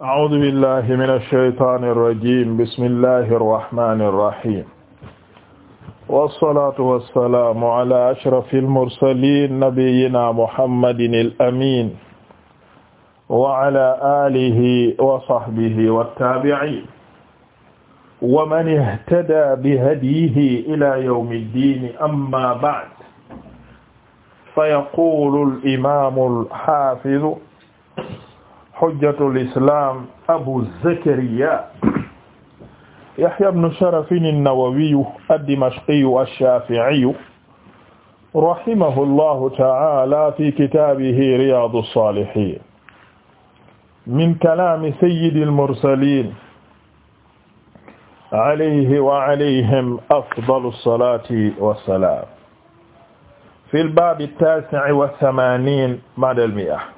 a'uudu billahi mina shaytaani rajiim bismillahi rahmaani rahiim. wasalaatu wasalaam ala ashrafil mursaliin nabiyyina muhammadin al-amiin. wa ala aalihi wa sahbihi wa taabi'iin. wa man ihtadaa bihadyihi ilaa yawmi ddiin amma ba'd. fayaquulu al-imaamu al-haafizu hujjatul islam Abu Zakariya Yahya ibn Sharaf an-Nawawi ad-Dimashqi ash-Shafi'i rahimahullahu ta'ala fi kitaabihi Riyadus Salihin min kalaami sayyidil mursaliin alayhi wa alayhim afdalu salaati wa salaam fil baabi at-taasi' wa thamaaniin ba'da al-mi'a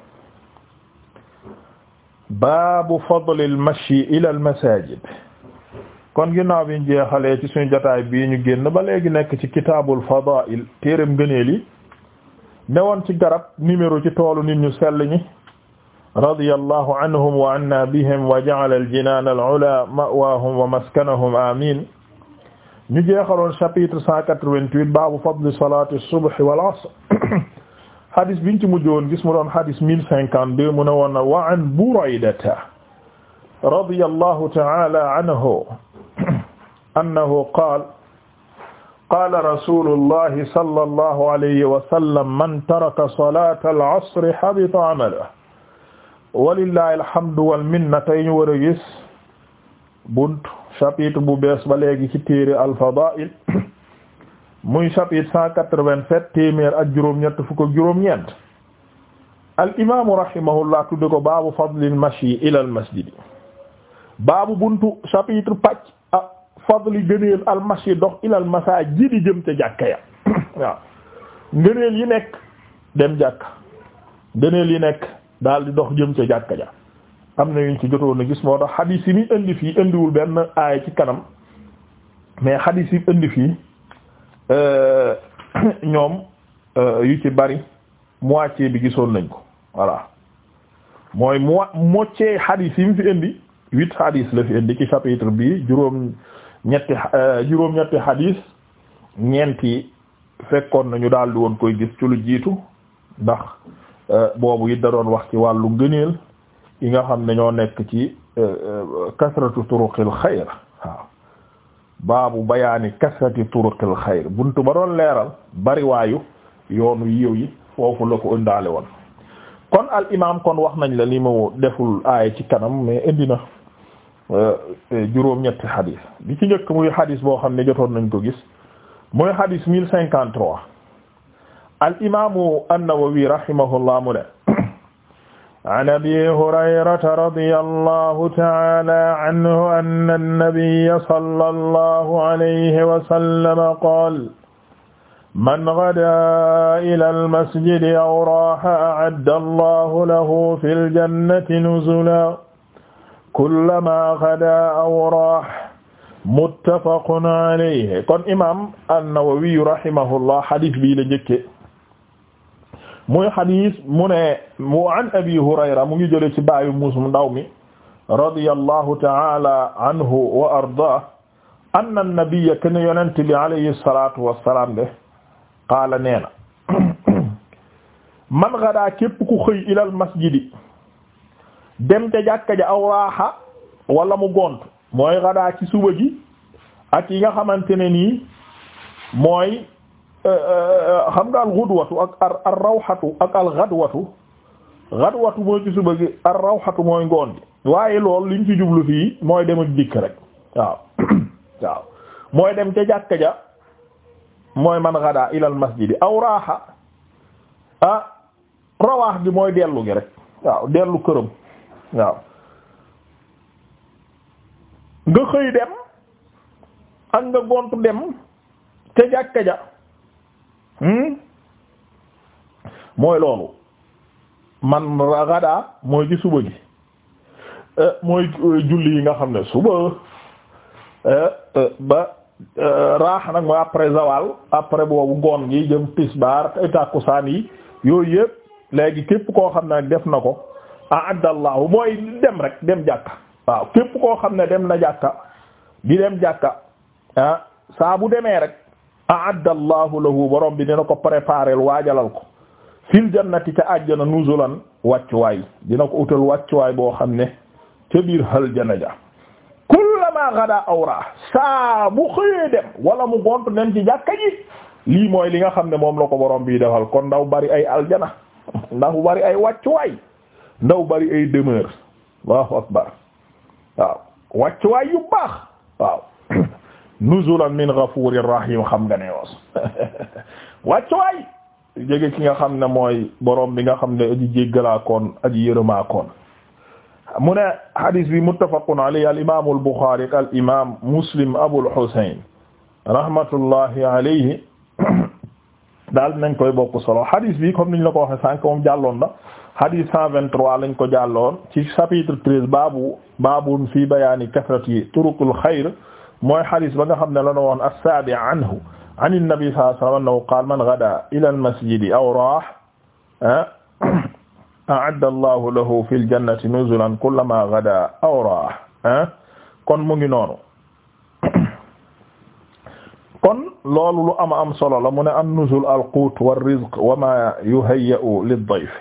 baabu fadli al-mashyi ila al-masajid kon ginnaaw bi ci suñu jotaay bii ñu génn ba léegi nekk ci kitaabul fadaa'il téereem gëneel yi newoon ci garab numéro ci toolu ni ñu sell ñi radiyallahu anhum wa anna bihim wa ja'ala al-jinaan al-'ulaa ma'waahum wa maskanahum amiin ñu jeexaloon chapitre 188 baabu fadli salaati as-subhi wal 'asr hadis biñ ci mujjoon gis mu doon hadis mille cinquante deux mu ne woon na wa an Buraydata radiyallahu ta'ala anhu annahu qaala qaala rasuulullahi sallallahu alayhi wa sallam man taraka salaatal asri habita amaluhu walillahi alhamdu wal minna tey ñu war a gis bunt chapitre bu bees ba léegi ci téere al-Fadaa'il muy chapitre cent quatre-vingt-sept téeméer ak juróom-ñett fukk ak juróom-ñeent al imaamu rahimahullah tudde ko baabu fadlil mashi ila al masjid baabu buntu chapitre pàcc ah fadli gëneel al mashi dox ila al masajid di jëm ca jàkka ya waaw ngëneel yi nekk dem jàkk ngëneel yi nekk daal di dox jëm ca jàkka ja am na yuñ ci jotoon a gis moo tax xadiis yi muy indi fii indiwul benn aaya ci kanam mais xadiis yi indi fii Euh, ñoom euh, yu ci bari moitié bi gisoon nañ ko voilà mooy mo moitié hadith yi mu fi indi huit hadith la fi indi ci chapitre bi juróom ñetti euh, juróom ñetti hadith ñeenti fekkoon nañu daal di woon koy gis ci lu jiitu ndax boobu it da doon wax ci wàllu ngëneel yi nga xam ne ñoo nekk ci kasratu turuqil xayr baabu bayaani kasrati turuqil xayr buntu ba doon leeral bariwaayu yoonu yiw yi foofu la ko ëndaale woon kon al imam kon wax nañ la li mu deful aaya ci kanam mais indi na euh, euh, juróom ñetti xadis bi ci njëkk muy xadis boo xam ne jotoon nañ ko gis muy xadis mille cinquante trois al imaamu an-Nawawi mu ne an abi hurayrata radiya allahu taala anhu anna annabiyya sallallahu alayhi wa sallam qaala man gadaa ila almasjidi aw raaha a'adda allahu lahu fil jannati nuzulaa kullamaa gadaa aw raaha muttafaqun alayhi kon imaam an-Nawawi rahimahullah hadith bii la njëkke mooy xadis mu ne mu abi hurayra mu ngi jële ci baayu mu ndaw mi radiyallahu ta'ala anhu wa ardaah anna an-nabiyya kana bi alayhi salatu wassalam de qaala neena man gadaa képp ku xëy ilal masjidi dem te jàkka ja aw raaxa wala mu gont mooy gadaa ci suba gi ak yi nga xamante ne nii mooy xam nga al ghudwatu ak ar rawxatu ak al ghadwatu ghadwatu mooy suba gi ar rawxatu mooy ngoon gi waaye lool liñ ci jublu fii mooy dem ak dem ca jàkka ja mooy man ghadaa ilal masjidi aw ah, mooy dellu gi këram waaw nga xëy dem dem ca jàkka ja Hmm? mooy loolu man raxadaa mooy ci suba gi eh, mooy eh, julli yi nga xam ne suba eh, ba raax nag mooy après zawal après boobu ngoon gi jëm tisbaar takkusaan yi yooyu yëpp léegi képp koo xam ne def na ko ah addallahu mooy dem rek dem jàkka waaw képp koo xam ne dem na jàkka bi dem jàkka ah, saa bu demee rek a'adda allahu lahu borom bi dina ko préparer waajalal ko fil jannati ca àjjana nuzulan wàccuwaay dina ko utal wàccuwaay boo xam ne ca biir hal jana ja kullama awra saa bu dem wala mu gont nem ci jàkka ji lii mooy li nga xam ne moom la ko borom bi defal kon ndaw bari ay aljana ndaw bari ay wàccuwaay ndaw bari ay demeure allahu akbar waaw wàccuwaay yu baax waaw nuzulan min ghafurir rahim xam nga ne woos ki nga xam ne mooy borom bi nga xam ne aji jéggalaakoon aji yërëmaakoon mu ne hadis bi muttafaqun alayhi al imam al bukhari al imam muslim abul husayn rahmatullahi alayhi daal nañ koy bokk solo hadis bi comme niñ la ko waxe sànq moom jàlloon na hadis cent vingt-trois lañ ko jàlloon ci chapitre treize baabu baabun fi bayaani mooy xadis ba nga xam ne la woon as-saabi anhu an an-nabi sallallahu alayhi wa sallam annahu qaala man ghadaa ila al-masjidi aw raaha ah, a'adda Allahu lahu fil jannati nuzulan kullamaa ghadaa aw raaha ah, kon mu ngi noonu kon loolu lu ama am solo la mu ne an-nuzul al-quut war-rizq wa maa yuhayya'u lid-dayf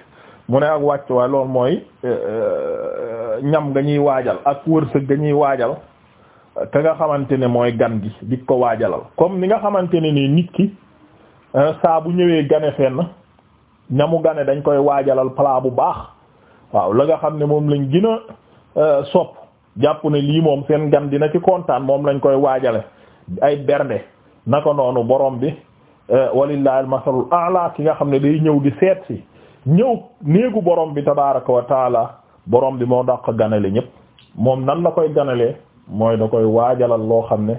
mu ne ak wàcc waay loolu mooy eh, eh, ñam ga ñuy waajal ak wërsëg ga ñuy waajal ka nga xamante ne mooy gan gi di ko waajalal comme ni nga xamante ne nii nit ki euh, saa bu ñëwee gane fenn na ñamu gane dañ koy waajalal plat bu baax waaw la nga xam ne moom lañ gën a euh, sopp jàpp ne lii moom seen gan dina ci kontaan moom lañ koy waajale ay bernde naka noonu borom bi euh, walillahi almasalul a'la ki nga xam ne day ñëw di seet si ñëw néegu borom bi tabaraka wa taala borom bi moo daq ganale ñëpp moom nan la koy ganale mooy da koy waajalal loo xam ne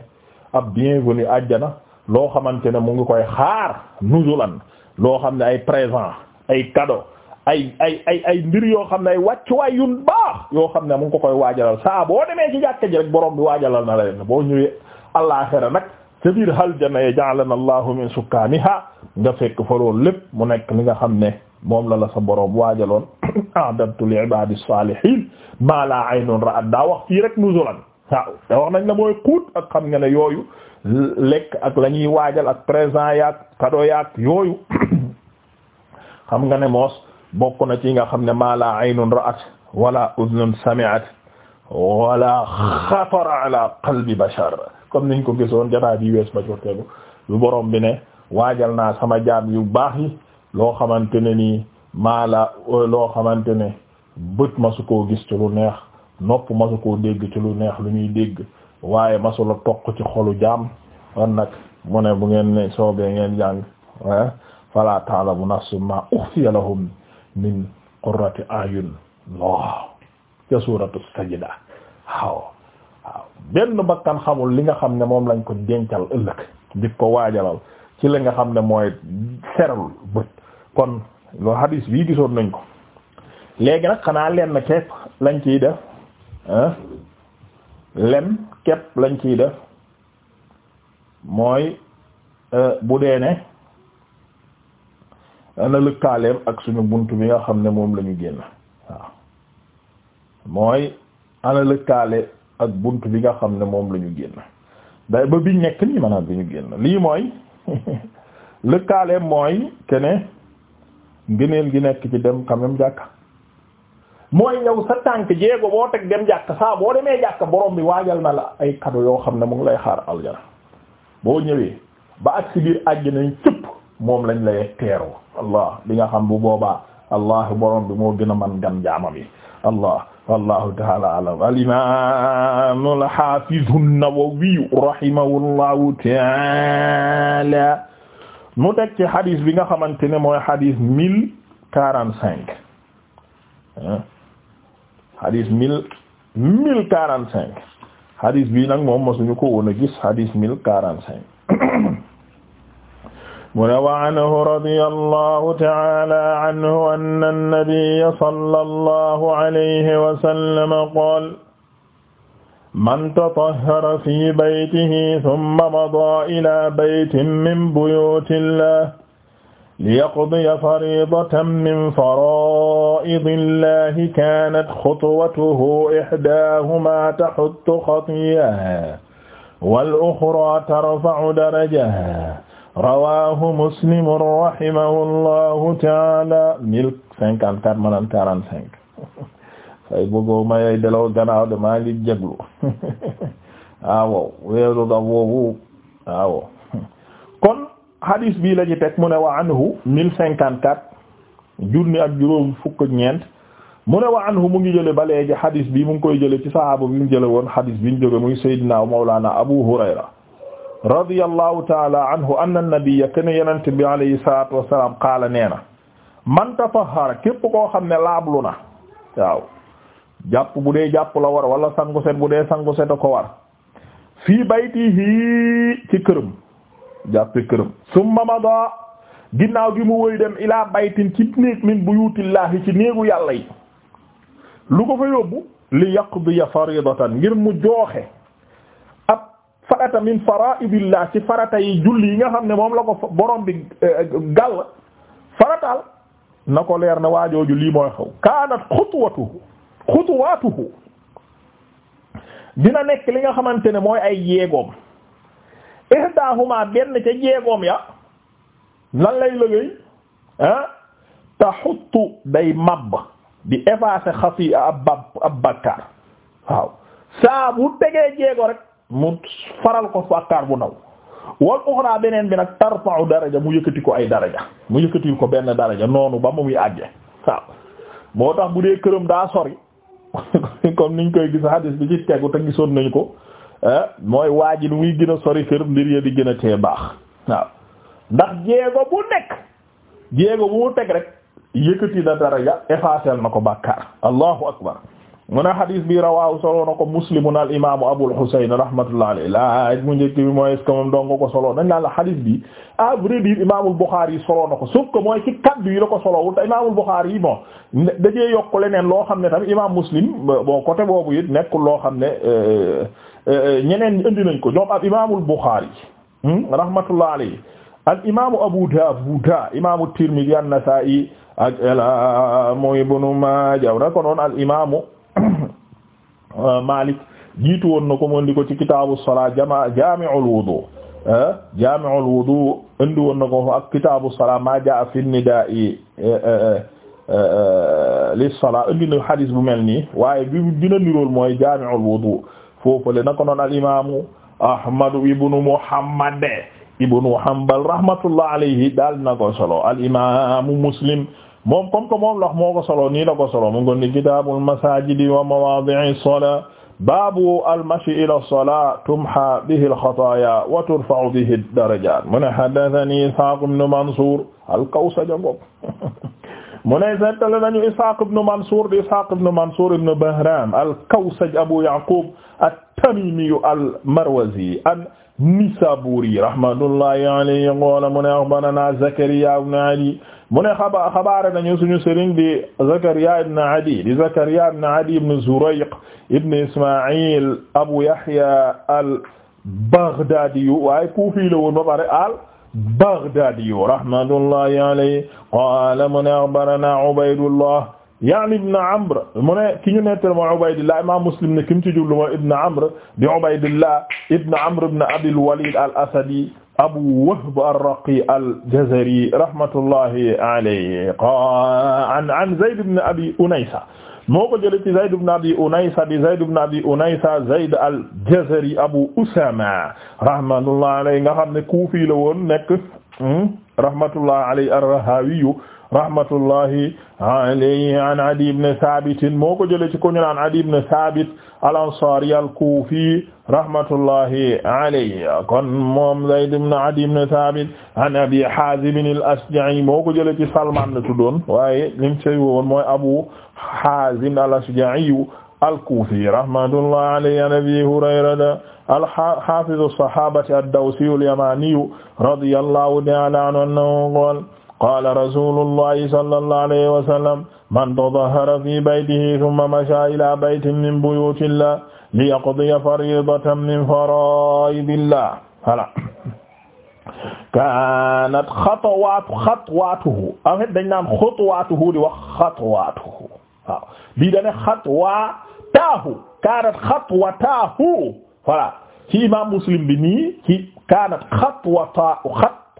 ab bienvenu àjjana loo xamante ne mu ngi koy xaar nuzulan loo xam ne ay présent ay kado ay ay ay ay mbir yoo xam ne ay wàccuwaay yu baax yoo xam ne mu ngi ko koy waajalal saa boo demee ci jàkka ji rek borom bi waajalal na la leen boo ñëwee àllaxira nag ca biir aljana ya ja'alana allahu min sukkaaniha nga fekk fa loolu lépp mu nekk li nga xam ne moom la la sa borom waajaloon a'dadtu li ibadis salihin ma daa wax fii rek nuzulan waaw te wax nañ la mooy xuut ak xam nga ne yooyu lekk ak lañuy waajal ak présent yaag kado yaag yooyu xam nga ne moos bokk na ci nga xam ne maa la aynun ra'at wala udnun sami'at wala xatara ala qalbi bashar comme niñ ko gisoon jataa bi wees ba cortegu lu borom bi ne waajal naa sama jaam yu baax loo xamante ne nii maa la loo xamante ne bët ma su koo gis ci lu neex nopp masu koo dégg ci lu neex lu ñuy dégg waaye masula toq ci xolu jaam kon nag mu ne bu ngeen ne soobee ngeen jàng fala bu nafsun ma ukhfiya lahum min qurrati a'yun Allah ca suuratu sajda waaw waaw benn bakkan xamul li nga xam ne moom lañ ko dencal ëllëg di ko waajalal ci li nga xam ne mooy serul bët kon loo hadis bii gisoon nañ ko léegi nag xanaa leen na lañ ciy def lem képp lañ ciy def mooy euh, bu dee ne na lëkkaaleem ak suñu bunt bi nga xam ne moom la génn waaw mooy ana lëkkaale ak bunt bi nga xam ne moom la génn day ba biñ nekk nii maanaam bi ñu génn lii mooy lëkkaaleem mooy kene ngëneel gi nekk ci dem quand même mooy yow sa tànk boo teg dem jàkk saa boo demee jàkk borom bi waajal na la ay kado yoo xam ne mu ngi lay xaar aljana boo ñëwee ba ak si biir àjjana moom lañ lay teeroo allah li nga xam bu boobaa allah borom moo gën a man gan jaamam yi allah wallahu taala alam al imam al hafiz an taala mu teg ci hadith bi nga xamante ne mooy hadith mil quarante cinq hadis mille mille quarante cinq hadis bi nag moom mosuñu ko woon a gis hadis mille quarante cinq mu ne wa anhu radiyallahu ta'ala anhu anna an-nabiyya sallallahu alayhi wa sallam qaala man tatahhara fi baytihi thumma madaa ila baytin min buyutillah liyaqdiya fariidatan min faraa'idi llaahi kaanat xutwatuhu ihdaahumaa taxuttu xatii'atan wal uxraa tarfa'u darajatan rawaahu muslim rahimahullaahu ta'aalaa mille cinquante-quatre maanaam quarante-cinq say bëggoo mayay delaw gannaaw de maa ngi jéglu waaw weeru ga boobu waaw kon hadis bii la ñu teg mu ne wa anhu mille cinquante quatre junni ak juróom fukk ak ñeent mu ne wa anhu mu ngi jële ba léegi hadis bi mu ngi koy jële ci sahaaba bi mu jële woon hadis bi mu jóge muy sayyidina mawlana abu hurayra radiyallahu taala anhu anna nabiyya kana yenente bi alayhi salatu wassalam qaala nee na man tafahara képp koo xam ne laablu na waaw jàpp bu dee jàpp la war wala sangu set bu dee sangu set a ko war fii baytihi ci këram jàppe këram summa mada ginnaaw gi mu woy dem ilaa baytin ci néeg min buyutillahi ci néegu yàlla yi lu ko fa yóbbu li yaqdiya faridatan ngir mu jooxe ab farata min faraidillah ci farata yi julli yi nga xam ne moom la ko borom bi eh, eh, gàll farataal na ko leer na waajooju lii mooy xaw kaanat xutwatuhu xutwaatuhu dina nekk li nga xamante ne mooy ay yeegoom ihdahuma benn ca jeegoom ya lan lay lëgëy ah taxuttu day màbb di effacer xafi ab bab ab bakkaar waaw saa bu tegee jeego rek mu faral ko bakkaar bu ndaw wal uxra beneen bi nag tarfa'u daraja mu yëkkati ko ay daraja mu yëkkatil ko benn daraja noonu ba mu muy àggee waaw moo tax bu dee këram daa sori comme niñ koy gis hadis bi ci tegu te gisoon nañu ko Eh, mooy waa ji lu muy gën a sori kër mbir di gën a tee baax waaw ndax jéego bu nekk jéego bu mu teg rek yëkkati na dara ja effacer na ko bàkkaar allahu akbar mu ne hadis bi rawaahu solo na ko muslimun al imaamu Abul Husayn rahmatullahi alayhi laaj mu njëkk bi mooy est ce que moom ko solo dañ naan la hadis bi à vrai imaamul Bukhari solo na ko sauf que mooy ci kaddu yi la ko solo wul te imaamul Bukhari bon dajee yokk leneen loo xam ne tamit imaam Muslim bon côté boobu it nekkul loo xam ne euh, ñeneen ñi indi nañ ko ñoom al imaamul Buxaari hmm, rahmatullah alayhi al imaamu Abu Daawuda imaamu Tirmidi an-Nasaa'i ak eh, mu Ibnu Maaja na ko noon al imaamu Maalik jiitu woon na ko mu indi ko ci kitaabu salaa jamaa jaami'ul wudu eh, jaami'ul wudu indi woon na ko ak kitaabu salaa maa jaa fi nidaa'i eh, li salaa indi na hadis bu mel nii waaye bi dina nirool mooy jaami'ul wudu foofale na ko noon al imaamu ahmadu ibnu muhammad ibnu hanbal rahmatullah alayhi daal na ko solo al imaamu muslim moom comme que moom lax moo ko solo nii la ko solo mu ngi ni kitaabul masaajidi wa mawaadi'i salaa baabu al-mashi ila salaa tumhaa bihi al-xataayaa wa turfa'u bihi ad-darajaat mu ne haddathanii Ishaaq ibn Mansuur al-Kawsaj mu ne seetlu nañu Ishaaq ibn Mansuur di Ishaaq ibn Mansuur ibn Bahraam al-Kawsaj Abu Ya'quub at-Tamimi al-Marwazi an-Nisaburi rahmatullahi alayhi qala mu ne akhbarana Zakariya ibn Ali mu ne xaba xabaare nañu suñu sëriñ di Zakariya ibn Adi di Zakariya ibn Adi ibn Zurayq ibn Isma'il Abu Yahya al-Baghdadi waaye Kufi la woon ba pare al-Baghdadi rahmatullahi alayhi qala mu ne akhbarana Ubaydullah yaani ibn amr mu ne ki ñu nettal mooy ubaydillah imam muslim ne ki mu ci jublu mooy ibn amr di ubaydillah ibn amr ibn abil walid al asadi abu wahb ar-raqi al-jazari rahmatullahi alayhi an an zayd ibn abi unaysa moo ko jëlee ci Zayd ibn Abi Unaysa di Zayd ibn Abi Unaysa Zayd al-Jazari Abu Usama rahmatullahi alayhi nga xam ne kuufi la woon nekk hmm, rahmatullahi alayhi ar-Rahawi rahmatullahi alayhi an Adi ibn Thabit moo ko jëlee ci ko ñu naan Adi ibn Thabit al-Ansari al-Kufi rahmatullahi alayhi kon moom Zayd ibn Adi ibn Thabit an Abi Hazim al-Ashja'i moo ko jëlee ci Salman la tuddoon waaye lim ci woon mooy Abu Hazim al-Ashja'i al-Kufi rahmatullahi alayhi an Abi Hurayrata al-hafiz as-sahabati ad-dawsi al-yamani radiyallahu ta'ala anhu qaala rasuulullahi sallallahu alayhi wa sallam man tadahhara fii baytihi thumma mashaa ilaa baytin min buyuutillah liyaqdiya fariidatan min faraa'idillah voilà kaanat xatwaatu xatwaatuhu en fait dañ naan xatwaatuhu di wax xatwaatuhu waaw bii da ne xatwaataahu kaanat xatwataahu voilà ci imaam Muslim bi nii ci kaanat xatwataa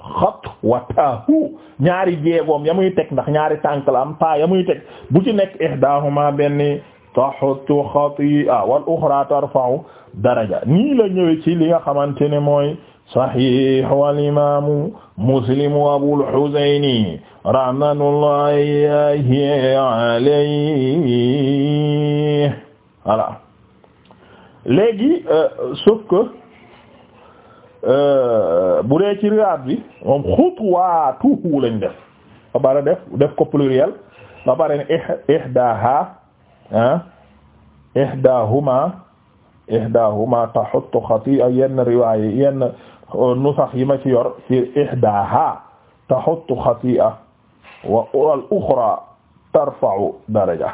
xatwatahu ñaari jeegoom ndax ñaari tànk la am bu ci nekk ihdahuma benn taxutu xati'a wal uxra daraja nii la ñëwee li nga xamante ne mooy saxiix wal imaamu muslim wa abul Euh, bu dee ci riwaat bi moom xutuwaatuhu lañ def ba pare def def ko pluriel ba pare ne ihdaha ah ihdahuma ihdahuma taxuttu xati'a yenn riwaaya yenn euh, nusax yi ma ci yor ci ihdaha taxuttu xati'a wa al uxra tarfa'u daraja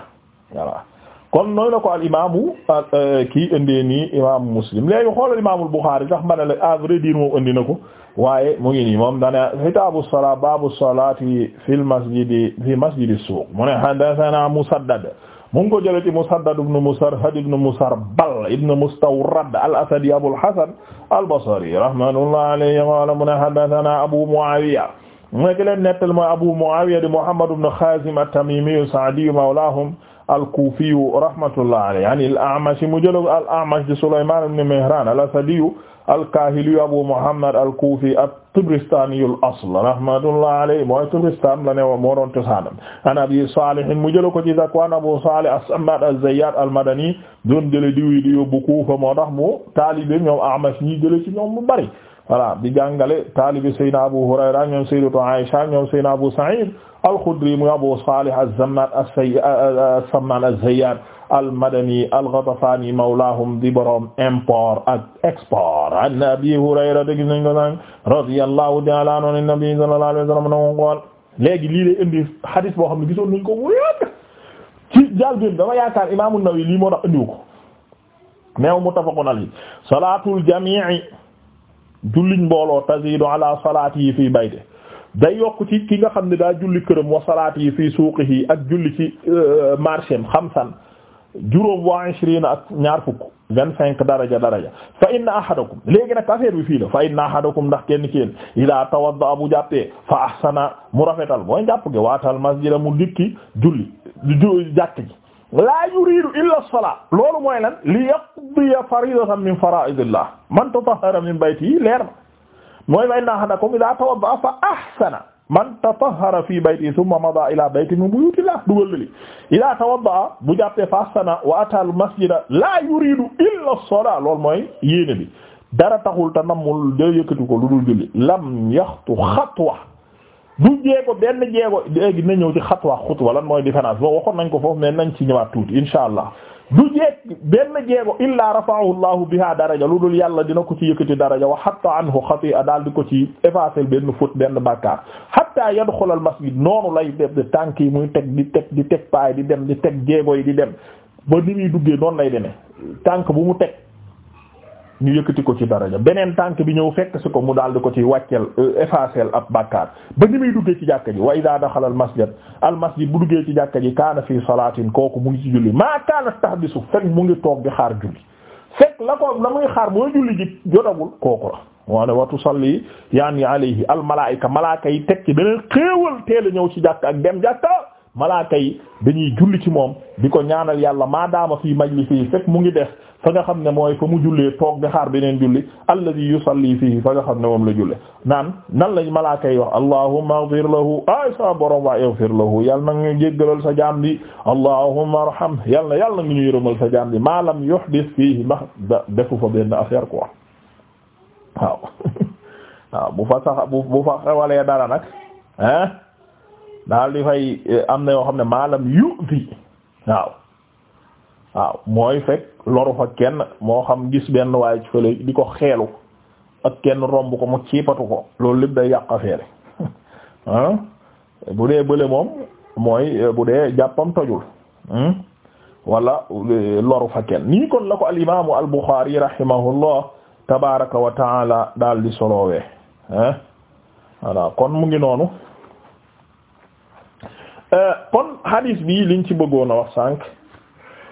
voilà kon nooy la ko al imaamu euh, kii indee nii imaamu muslim léegi xoolal imaamul buxaari sax ma ne la à vrai dire moom indi na ko waaye mu ngi nii moom dane kitaabu salaa baabu salaati fil masjidi fi masjidi suuq mu ne haddasanaa musaddad mu ngi ko jëlee ci musaddad ibn musarhad ibn musarbal ibn mustawrad al asadi abul hasan al basri rahmatullahi alayhi qaala mu ne haddasanaa abu muawiya mu ne ki leen nettal mooy abu muawiya di muhammad ibn xaazim at-tamimi as-sa'di mawlaahum al-Kufi rahmatullah alayhi an al-A'mash mu jël al-A'mash di Sulayman ibn Mihran al-Asadi al-Kahili Abu Muhammad al-Kufi at-Tabristani al-asl rahmatullah alayhi mooy Tabristan la ne moo doon cosaanam an Abi Salih mu jël ko ci Zakwan Abu Salih as-Sammad az-Zayyat al-Madani doon jële diw yi di yóbbu Kufa moo tax mu taalibe ñoom A'mash ñi jële ci ñoom mu bari voilà di jàngale taalibi saydna Abu Hurayra ñoom sayyidatu Aisha ñoom saydna Abu Sa'id al-Khudri mu Abu Salih az-Zamman as-Samman euh, euh, euh, az-Zayyat al-Madani al-Ghatafani mawlahum di borom import ak export an Abi Hurayra dégg nañ ko naan radiyallahu ta'ala anhu an-nabi sallallahu alayhi wa sallam na ngool léegi lii lay indi hadith boo xam ne gisoon nañ ko wéet ci jal biin dama yaakaar Imam an-Nawawi lii moo tax indiwu ko meew muttafaqun alayhi salatul jami'i julliñ mbooloo tazidu ala salaati yi fii bayte day yokk ki nga xam ne daa julli këram wa salaati yi fii suuqihi ak julli ci euh, marchéem xamsan juróom wa ak ñaar fukk vingt cinq daraja daraja fa inna ahadakum léegi nag affaire bi fii la fa inna ahadakum ndax kenn kenn ila tawadda bu jàppee fa ahsana mu rafetal mooy jàpp gi waatal masjida mu dikki julli jàkk laa yuridu illa salaa loolu mooy lan li yaqdiya faridatan min fara'idillah man tatahhara min baytihi leer na mooy fa inna ahadakum idha tawadda'a fa ahsana man tatahhara fi baytihi thumma mada ila baytin min buyutillah dugal li idha tawadda'a bu jàppee fa ahsana wa ata al masjida laa yuridu illa salaa loolu mooy yéene bi dara taxul te namul da yëkkati ko lu dul julli lam yaxtu xatwa du jéego benn jéego léegi na ñëw ci xatwa xutwa lan mooy différence boo waxoon nañ ko foofu mais nañ ci ñëwaat tuuti insha allah du jeeg benn jéego illaa rafa'ahu allahu biha daraja lu dul yàlla dina ko ci yëkkati daraja wa hatta xat xati'a daal di ko ci effacer benn faute benn bàkkaar hatta yadxul al masjid noonu lay def tànk yi muy teg di teg di teg paay di dem di teg jéego yi di dem ba ni muy duggee noonu lay demee tànk bu mu teg ñu yëkkati ko ci daraja beneen tànk bi ñëw fekk si ko mu daal di ko ci wàcceel euh, effacer ab bàkkaar ba ni muy duggee ci jàkka ji wa idaa daxala al masjid al masjid bu duggee ci jàkka ji kaana fi salaatin kooku mu ngi ci julli maa kaana tahbisu fekk mu ngi toog di xaar julli fekk la ko la muy xaar boo julli ji jotagul kooku la waane wa tusalli yaani alayhi al malaa'ika malaaka yi teg ci beneen xéewal teel a ñëw ci jàkka ak dem jàkka malaaka yi dañuy julli ci moom di ko ñaanal yàlla maadaama fii majlisi yi fekk mu ngi def fa nga xam ne mooy fa mu jullee toog di xaar beneen julli alladhi yusalli fii fa nga xam ne moom la julle naan nan lañ malaaka yi wax allahumma ighfir lahu na nga ñu jéggalal sa jaam bi allahumma arham yàlla yàlla na nga ñu yërëmal sa jaam bi ma lam yuhdith fiihi ma defu fa benn affaire quoi waaw waaw bu fa sax bu fa xewalee dara nag daal di fay eh, am na yoo xam ne maalam yu fi waaw waaw mooy fekk loru fa kenn moo xam gis benn waaye ci fële di ko xeelu ak kenn romb ko mu ciipatu ko loolu lépp day yàq affaire ah bu dee bële moom mooy eh, bu dee jàppam tojul hmm? wala eh, loru fa kenn nii kon la ko al imaamu al tabaraka wa taala daal di solowee kon mu ngi noonu Euh, kon hadis bi liñ ci bëggoon a wax sànq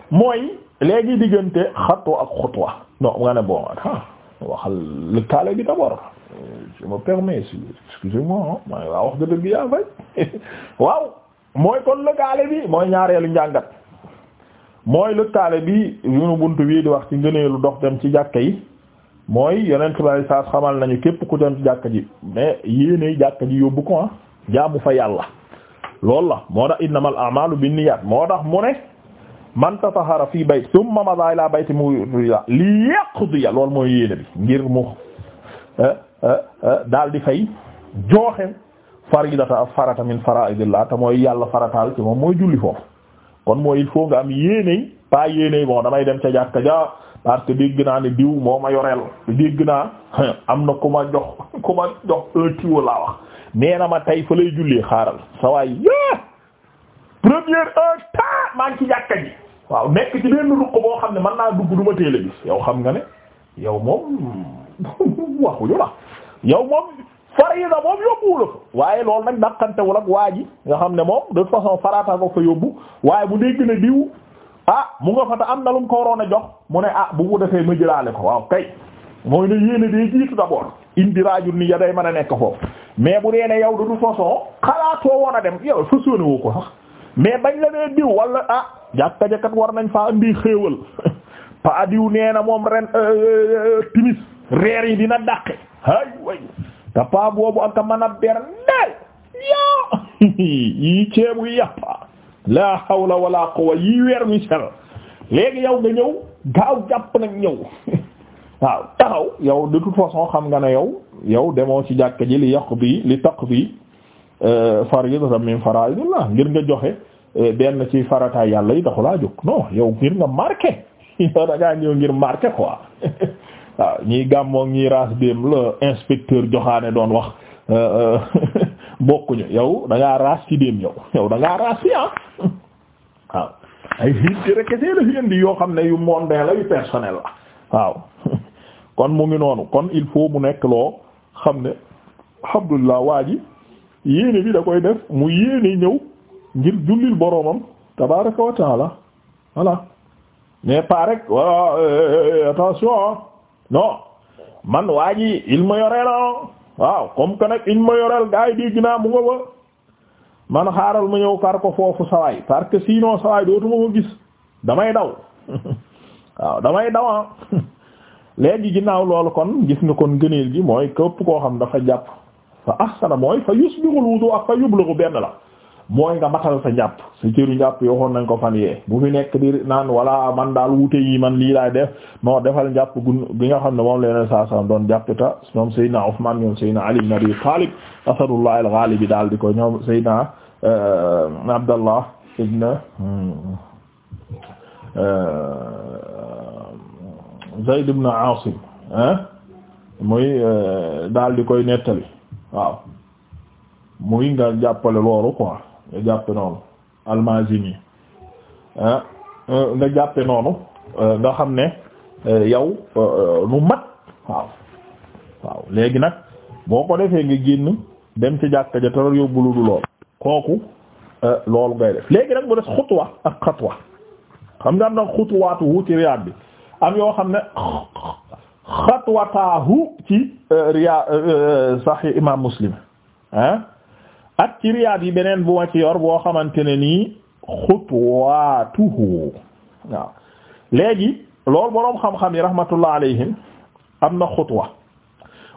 mooy léegi diggante xatwa ak xutwa non nga ne bon ah waxal lëkkaale bi d'abord je me permets excusez-moi maa waa wax dëgg yaa waaw mooy kon lëkkaale bi mooy ñaareelu njàngat mooy lëkkaale bi yunu bunt bii di wax ci ngëneelu dox dem ci jàkka yi mooy yonent bay saas xamal nañu képp ku dem ci jàkka ji mais yéene jàkka ji yóbbu ko ah jaamu fa yàlla loolu la moo tax innamal a'malu binniyat moo tax mu ne man tatahara fii bayt thumma mada ila bayti muria li yaqdiya loolu mooy yéene bi ngir mu eh, eh, eh, daal di fay jooxe faridata ak farata min faraidillah te mooy yàlla farataal ci moom mooy julli foofu kon mooy il faut nga am yéeney pas yéeney bon damay dem ca jàkka ja parce que dégg naa ne diw moo ma yoreel dégg naa am na ku ma jox ku ma jox un tiwo laa wax nee na ma tey fa lay jullee xaaral sa waay première heure ta maa ci jàkka ji waaw nekk ci benn ruq boo xam ne man naa dugg du ma téele gis yow xam nga ne yow moom waxuñu la yow moom farida moom yóbbuwula fa waaye loolu nag dàqantewul ak waa ji nga xam ne moom de toute façon farata ko fa yóbbu waaye bu dégg ne diw ah mu nga fa te am na lu mu ko waroon a jox mu ne ah bu mu defee ma jëlaale ko waaw kay mooy ne yéene day jiitu d'abord indi raajul ni ya day mën a nekk foofu mais bu dee ne yow de toute façon xalaatoo woon a dem yow façonné woo ko sax mais bañ la nee diw walla ah jàkka ja kat war nañ fa indi xéewal pa diw nee na moom ren euh, euh, timis reer yi dina dàqe ay way te pa boobu ak mën a ber ndeel yaa yii ceebu yàppa laa hawla wala quwwa yii weer mi sel léegi yow nga ñëw gaaw jàpp nañ ñëw waaw taxaw yow de toute façon xam nga ne yow yaw demoo ci jàkka ji li yaqdi li bi taqdi euh, faridatan min fara'idillah ngir nga joxe euh, benn ci farataay yàlla yi taxu laa jóg non yow ngir nga marqué yow da ngaa ñëw ngir marqué ko waaw ñi gàmmoo ñii raas béem la inspecteur joxaane doon wax euh, bokkuñu yow da ngaa ci béem yow yow da ci ah waaw ay hiit rek yoo xam ne yu mondain la yu personnel la waaw kon mu ngi noonu kon il faut mu nekk loo xam ne alhamdulilah waa ji yéene bi da koy def mu yéene ñëw ngir jullil boroomam tabaraka wa taala voilà mais pas rek euh, euh, euh, attention non man waa ji il ma yoreel waaw comme que nag il ma yoreel gars yi dégg nga ba man xaaral ma ñëw kar ko foofu sawaay parce que sinon sawaay dootuma ko gis damay daw waaw damay daw léegi ginaaw loolu kon gis nga kon gëneel gi mooy képp koo xam dafa jàpp fa ahsana mooy fa yusbihul wudu ak fa yublugu benn la mooy nga matal sa njàpp sa cëru njàpp waxoon nañ ko fan yee bu fi nekk di naan wala man daal wute yi man lii laay def moo defal njàpp gun bi nga xam ne moom leneen saa doon jàpp ta ñoom Seydina Ousmane ñoom Seydina Ali ibn Abi Talib asadullah al-ghalib bi daal di ko ñoom Seydina euh, Abdallah ibn hmm, euh, Zayd ibn Aasim muy euh, daal di koy nettali waaw muy nga jàppale loolu ko nga jàppe noonu Al-Mazini euh, nga jàppe noonu euh, nga xam ne yow nu mat waaw léegi nag boo ko defee nga génn dem ci jàkka ja tarar yóbbu lu lool kooku loolu ngay def léegi nag mu des xutwa ak xatwa xam nga am nag xutwaatu wu ci riyaat bi am yoo xam ne xatwataahu ci euh, riyaa euh, sahih imam muslim ah yi beneen bu ma ci yor boo xamante ne nii xutwaatuhu waaw léegi loolu boroom xam-xam yi rahmatullah alayhim am na xutwa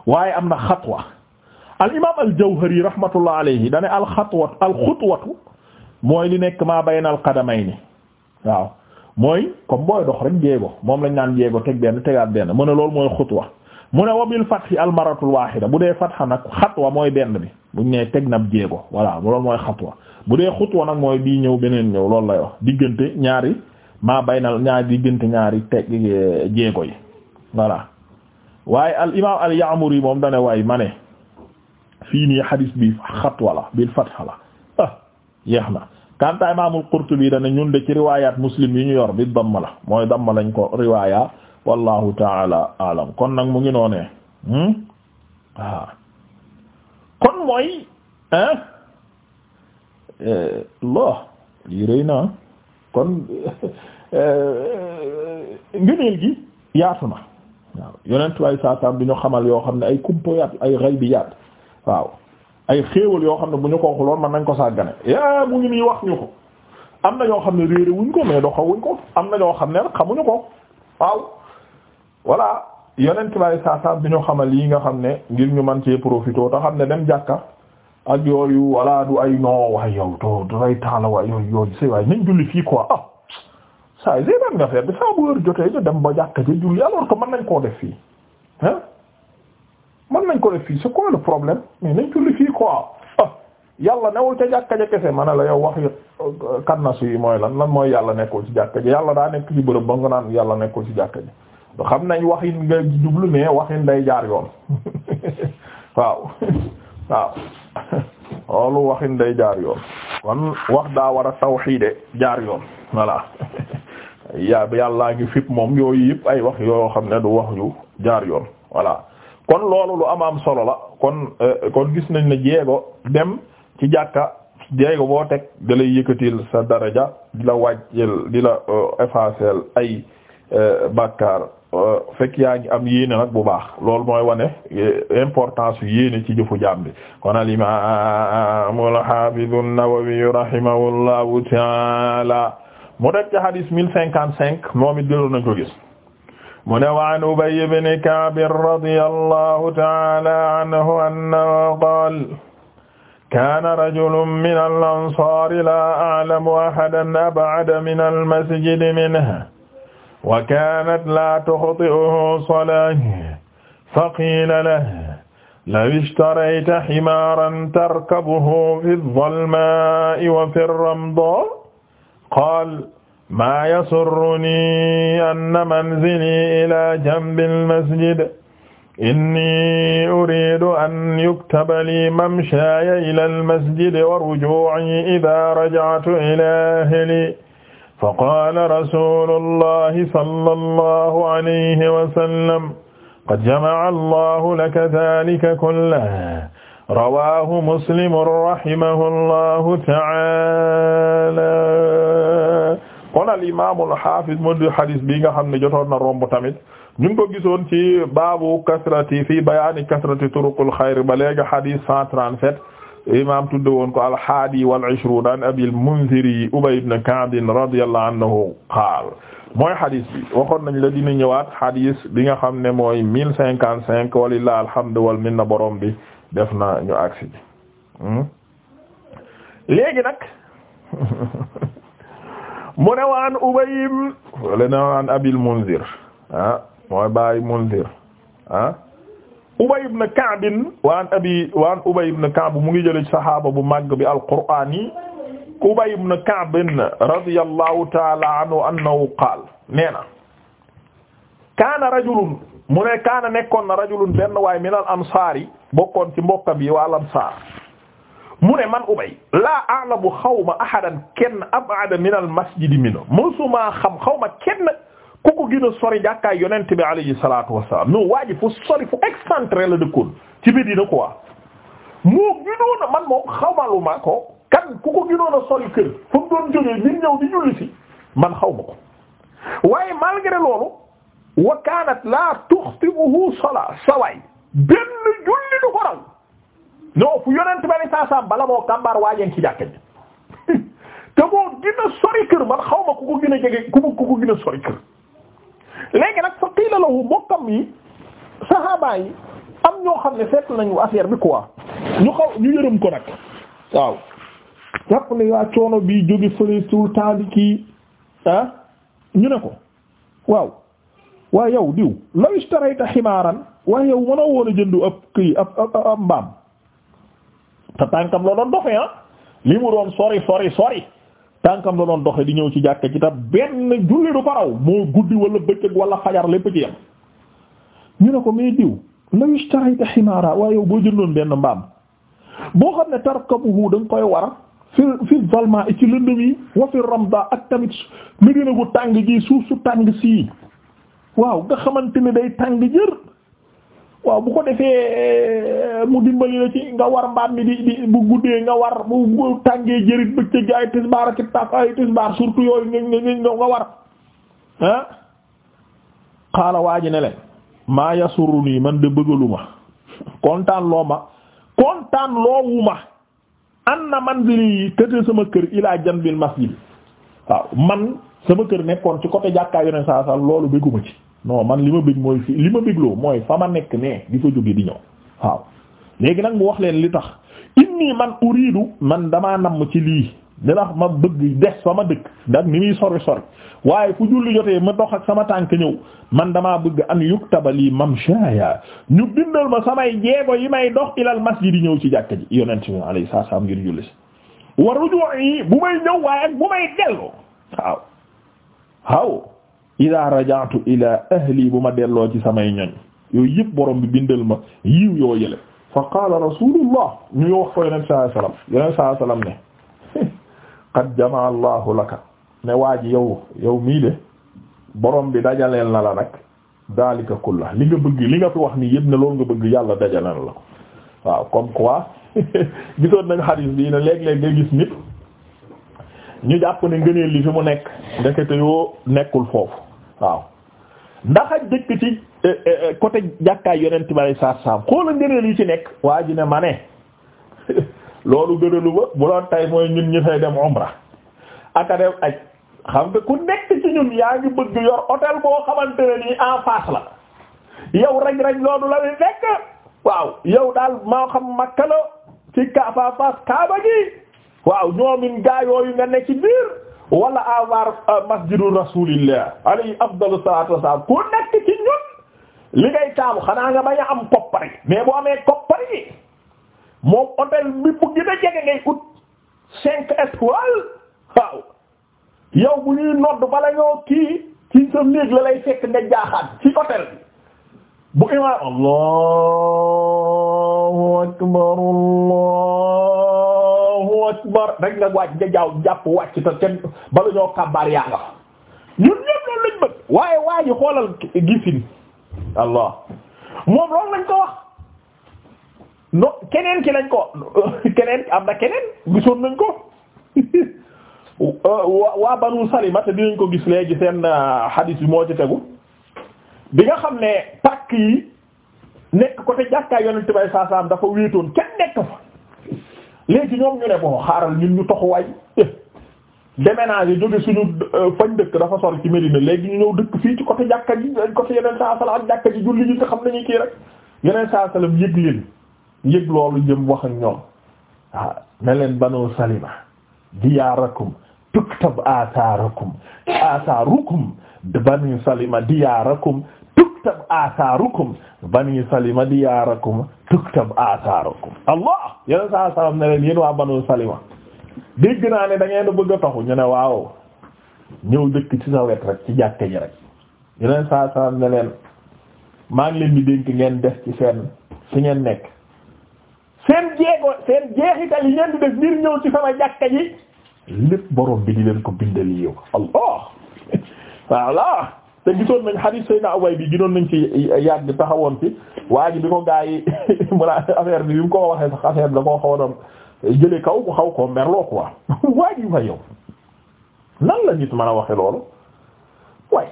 waaye am na xatwa al imaam al jawhari rahmatullah alayhi al xatwa al xutwatu mooy li nekk maa bayna al qadamayni waaw mooy comme booy dox rek jéego moom lañ naan jéego teg benn tegaat benn mu ne loolu mooy xutwa mu ne wabil fathi almaratul wahida bu dee fatha nag wa mooy benn bi buñ nee teg nab jéego voilà loolu mooy xatwa bu dee xutwa nag mooy bii ñëw beneen ñëw loolu lay wax diggante ñaari maa baynal ñaari diggante ñaari teg eh, jéego yi voilà waaye al imam al yi moom dane waay ma ne fii nii hadis bi xatwa la bil fatha la ah, yeex na kanta imaamul Qurtubi dana ñun de ci riwayat muslim yi ñu yor bi damma la mooy damma lañ ko riwaya wallahu taala alam kon nag mu ngi noonee waaw hmm? ah. kon mooy eh, lo lii rëy na kon eh, ngëneel gi yaatu na waaw yonent waay saa saam bi ñu xamal yoo xam ne ay kumpoyaat ay xaybiyaat waaw ay xéewal yoo xam ne bu ñu ko waxuloon man nañ ko sàggane yaa mu ngi nii wax ñu ko am na ñoo xam ne wuñ ko mais doxa wuñ ko am na ñoo xam ne rek xamuñu ko waaw voilà yonent baay saasaam bi ñu xamal yi nga xam ne ngir ñu man cee profité te xam ne dem jàkka ak yooyu walla du ay non waaye yow to doray temps la waaye yooyu yooyu say nañ julli fii quoi ah saa y nga feet bi saa bu jotee ñu dem ba jàkka ja julli alors que mën nañ koo def fii man nañ ko def fii c'est quoi le problème mais nañ julli fii quoi ah, yàlla newul ca jàkka ja kese ma la yow wax euh, kannasu yi mooy lan lan mooy yàlla nekkul ci jàkka ji yàlla daa nekk ci bërëb ba nga naan yàlla nekkul ci jàkka ji xam nañ waxin nga jublu mais waxin day jaar yoon waaw waaw loolu waxin day jaar yoon kon wax daa war a tawxiide jaar yoon voilà yàllaa ngi fit moom yooyu yëpp ay wax yoo xam ne du wax yu jaar yoon voilà kon loolu lu am am solo la kon euh, kon gis nañ ne jéego dem ci jàkka jéego boo teg da lay yëkkatil sa daraja di la wàccel di la euh, effacer ay euh, bàkkaar fekk yaa ngi am yéene nag bu baax loolu mooy wane importance yu yéene ci jëfu jaam bi kon al imaam al haafiz an-Nawawi rahimahullahu taala mu def ci hadis mille cinquante cinq moom it jëloon nañ ko gis mu ne waan Ubayy ibn Ka'b radiyallahu ta'ala anhu annahu qaala kaana rajulun min al-ansaari laa a'lamu ahadan ab'ada min al-masjidi minhu wa kaanat laa tuxti'uhu salaatuhu faqiila lahu law ishtarayta himaaran tarkabuhu fi ad-dalmaa'i wa fi ar-ramdaa'i qaala maa yasurruni anna manzili ila jambil masjid inni uridu an yuktaba li mamshaya ila almasjid wa rujuu'i ida raja'tu ila ahli faqaala rasulullahi sallallahu alayhi wa sallam qad jama'a allahu laka dhaalika kullahu rawaahu muslim rahimahullahu ta'aala kon al imaamul hafiz mu di hadis bi nga xam ne jotoon na romb tamit ñu ngi ko gisoon ci baabu kasrati fii bayaani kasrati turuqul xayr ba léegi hadis 137 imaam tudde woon ko alhaadi wal ishruun an abil munziri ubay ibn ka'b radiyallahu anhu qaal mooy hadis bi waxoon nañ la dina ñëwaat hadis bi nga xam ne mooy 1055 walillahi alhamdu wal minna borom bi def na ñu agsi hmm? léegi mu ne waan Ubay wala ne waan Abil Munzir ah mooy bàyyi Munzir ah Ubay ibn Ka'b waan abi waan Ubay ibn Ka'b mu ngi jëlee saxaaba bu màgg bi alqur'ani Ubay ibn Ka'b radiyallahu ta'ala anhu annahu qaal nee na kaana rajulun mu ne kaana nekkoon na rajulun benn waay min al ansaari bokkoon ci mbokkam yi waa al ansaar mu ne man ubay laa a'lamu xawma ahadan kenn ab'ada min al masjidi minhu mësumaa xam xawma kenn ku ko gën a sori jàkkaay yonent bi alayhi salaatu wassalaam non waa ji fu sori fu excentré la dëkkoon ci Medina quoi moo gënoon a man moom xawmaluma ko kan ku ko gënoon a sori kër fu mu doon jógee ngir ñëw di julli si man xawma ko waaye malgré loolu wa kaanat laa tuxtibuhu salaa sawaay benn julli du ko raw non fu yonent bari saasaam bala moo kàmbaar waajeeg ci jàkka ji te moo gën sori kër man xaw ku ko gën jege ku ko ku ko gën sori kër léegi nag fa qiila lahu mbokkam yi saxaaba yi am ñoo xam ne seetlu nañu affaire bi quoi ñu xaw ñu yërëm ko nag waaw jàpp bi jóge fële tout ah, yow diw law ishtarayta waaye yow mënoo woon a jëndu ab kii ab ab mbaam te tànkam la doon doxe ah li mu doon sori sori sori tànkam la doon doxe di ñëw ci jàkka ci ta benn julli du ko raw moo guddi wala bëccëg wala fajar lépp ci yam ñu ne ko mais diw la istarayta ximaara waaye yow boo jëndoon benn mbaam boo xam ne tarkabuhu da nga koy war fi fi zalma ci lëndëm yi wa fi ramda ak tamit medina gu tàng ji suuf su tàng sii waaw nga xamante ne day tàng jër waaw bu ko defee eh, mu dimbali la ci nga war mbaam mi di di bu guddee nga war bu tàngee jërit bëccëg ay tisbaar ak tàkk ay tisbaar surtout yooyu nga nga war ah xaala waa ji ne leen maa yasuru nii man de bëggalu ma kontaan loo ma kontaan loowu ma an na manzili kër sama kër ilaa janbil masjid waaw man sama kër nekkoon ci côté jàkkaay yoneen saa saa loolu bëgguma ci non man li ma bëgg mooy li ma bëggloo mooy fa ma nekk ne di ko jóge di ñëw waaw léegi nag mu wax leen li tax inni man uridu man damaa namm ci lii li tax ma bëgg des fa ma dëkk ndax ni muy sori sori waaye fu julli jotee ma dox ak sama tànk ñëw man damaa bëgg an yuktaba lii mamshaya ñu bindal ma samay jeego yi may dox ilal masjid di ñëw ci jàkka ji yonent bi alayhi salaam ngir julli si wa ruju'i bu may ñëw waaye ak bu may dellu waaw waaw ida rajaatu ila ahli bu ma delloo ci samay ñoñ yooyu yëpp borom bi bindal ma yiw yoo yële fa qaala rasulullah ñu wax ko yeneen saai sallam yeneen saai sallam ne qad jamaa allahu laka ne waa ji yow yow mii de borom bi dajaleel na la nag daalika kulla li nga bëgg li nga fi wax nii yëpp ne loolu nga bëgg yàlla dajaleel la ko waaw comme quoi gisoon nañ xadiis bii ne léeg-léeg gis nit ñu jàpp ne ngëneel li fi mu nekk ndekete yoo nekkul foofu waaw ndax a jëkk ci eh, eh, eh, côté jàkkaay yonent bi alay saat saam xoola ngëneel yi ci nekk waa ji ne ma ne loolu gënalu ba bu loon tay mooy ñun ñu fay dem umra aka dem aj xam nga ku nekk ci ñun yaa ngi bëgg yor hôtel boo xamante ne nii en face la yow raj-raj loolu la wi nekk waaw yow daal maa xam makka la ci ka fa face kaaba gi waaw ñoomin gaa yooyu nga ne ci biir wala avar euh, masjidu rasulillah alayhi afdalu salatu wassalam ku nekk ci ñun li ngay taamu xanaa nga ba a am koppar yi mais bu amee koppar yi moom hôtel bi fu gën a jege ngay ut cinq étoiles waaw bu ñuy nodd bala ñoo kii ci sa néeg la lay fekk nga jaaxaan ci hôtel bu imaam allahu akbar allahu akbar rek nga wàcc nga jaaw jàpp wàcc te kenn bala ñoo kàbbaar yaa nga ñun ñëpp loolu lañ bëgg waaye waa ji xoolal gisin allah moom loolu lañ ko wax no keneen ki lañ ko keneen am na keneen gisoon nañ ko uh, wa waa banu salima te dinañ ko gis léegi seen uh, hadis bi moo ci tegu bi nga xam ne pàkk yi nekk côté jàkkaay yonent bay saasaam dafa wéetoon kenn nekk fa léegi ñoom ñu ne bon xaaral ñun ñu tox waay déménager jóge suñu euh, fañ dëkk dafa sori ci Médina léegi ñu ñëw dëkk fii ci côté jàkka ji euh, côté yeneen saa salaam jàkka ji julli ñu nga xam nañu kii rek yeneen saa salaam yëg leen yëg loolu jëm wax ak ñoom waaw ah, ne leen Banu Salima diyaarakum tuktab asaarakum asaarukum Banu Salima diyaarakum tuktab asaarukum Banu Salima diyaarakum tuktab asaarukum allah yeneen saa salaam ne leen yéen waa banu salima dégg naa ne da ngeen bëgg a taxu ñu ne waaw ñëw dëkk ci sa wet rek ci jàkke ji rek yeneen saa salaam ne leen maa ngi leen di dénk ngeen def ci seen fi ngeen nekk seen jeego seen jeexital yi ngeen di def ngir ñëw ci sama jàkke ji lépp borom bi di leen ko bindal yiw allah waaw te gisoon nañ hadith Seydina Ubay bi ginoon nañ ci yàgg taxawoon ci waa ji bi ko gaa yi mu la affaire bi bi mu ko waxee sax affaire bi da koo xaw a doon jëlee kaw bu xaw koo merloo quoi waa yow nan la nit mën a waxe loolu waaye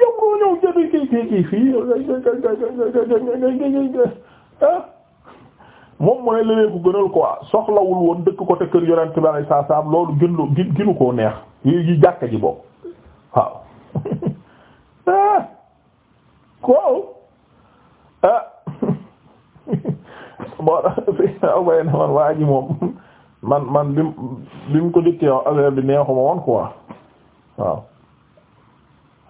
yow koo ñëw jënd kii kii fii ah moom mooy leneen ku gënal quoi soxlawul woon dëkk ko te kër yonent bi sallallahu alayhi wasallam loolu gën lu ginu koo neex yi jàkka ji boobu waaw koow ah bon Ubay na man waa ji moom man man bi bi mu ko dikkee bi neexuma woon quoi waaw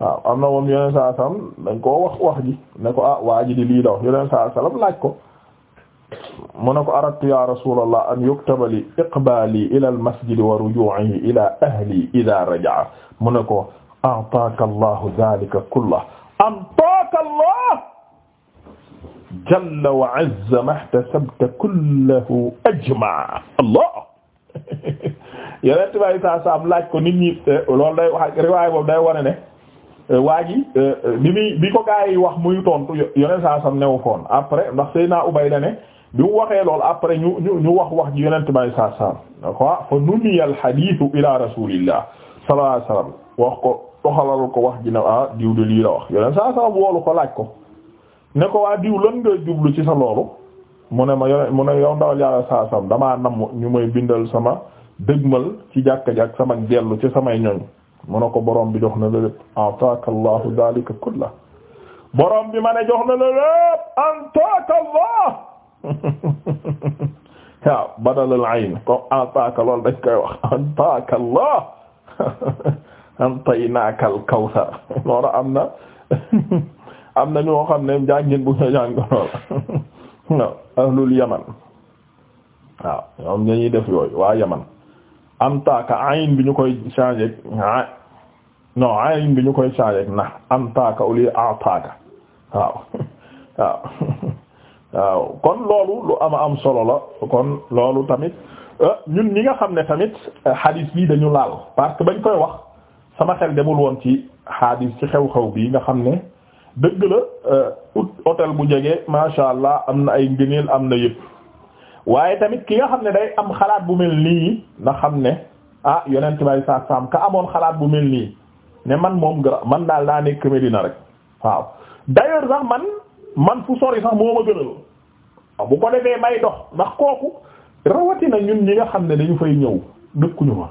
waaw am na moom yeneen saa salaam dañ ko wax wax ji ne ko ah waa ji di lii daw yeneen saa salaam laaj ko mu ne ko aradtu ya rasulallah an yuktaba li iqbali ila al masjid wa ahli idha raja'a mu ne ko a'taaka Allahu dhaalika kullahu a'taaka Allahu jalla wa azza mahtasabta kullahu ajma' Allah yeneen tubaab yi saa saam laaj ko nit ñi eh, day wax boobu day wane ne eh, waa eh, bi ko gaa wax muy tontu yeneen saa saam newu koon après ndax Seydina ne bi mu waxee loolu après ñu ñu ñu wax wax ji yeneen tubaab yi saa saam al-hadiithu ila rasulillah wax ko. toxalal ko wax ji ne ah diw de lii la wax yeneen saa saa woolu ko laaj ko ne ko waa diw lan nga jublu ci sa loolu mu ne ma yone mu ne yow ndawal yàlla saa sam damaa nam ñu may bindal sama dëgmal ci jàkka ji ak sama dellu ci samay ñoñ mu ne ko borom bi jox na la lépp ataaka allahu kulla borom bi ma ne jox na la lépp ataaka allah badalal ayn comme ataaka loolu dañ koy wax am tay naakal kawsar am na am na ñoo xam ne jàngin bu ñu jàng lool ahlul yaman waaw ñoom dañuy def yooyu waa yaman am taaka ayin bi ñu koy changer non ayin bi ñu koy changer na am taaka au lieu waaw waaw waaw kon loolu lu ama am solo la kon loolu tamit eh, ñun ñi nga xam ne tamit eh, hadith bi dañu laal parce que bañ koy wax sama xel demul woon ci xaadis ci xew-xew bi nga xam ne dëgg la euh, ut hôtel bu jege masha allah am na ay ngëneel am na yëpp waaye tamit ki nga xam ne day am xalaat bu mel nii na xam ne ah yonent bay saa saam amoon xalaat bu mel nii ne man moom gara man daal daa nekk Medina rek waaw d'ailleurs sax man man fu sori sax moo ma gënal ah, bu ko defee may dox ndax kooku rawatina ñun ñi nga xam ne dañu fay ñëw dëkkuñu ma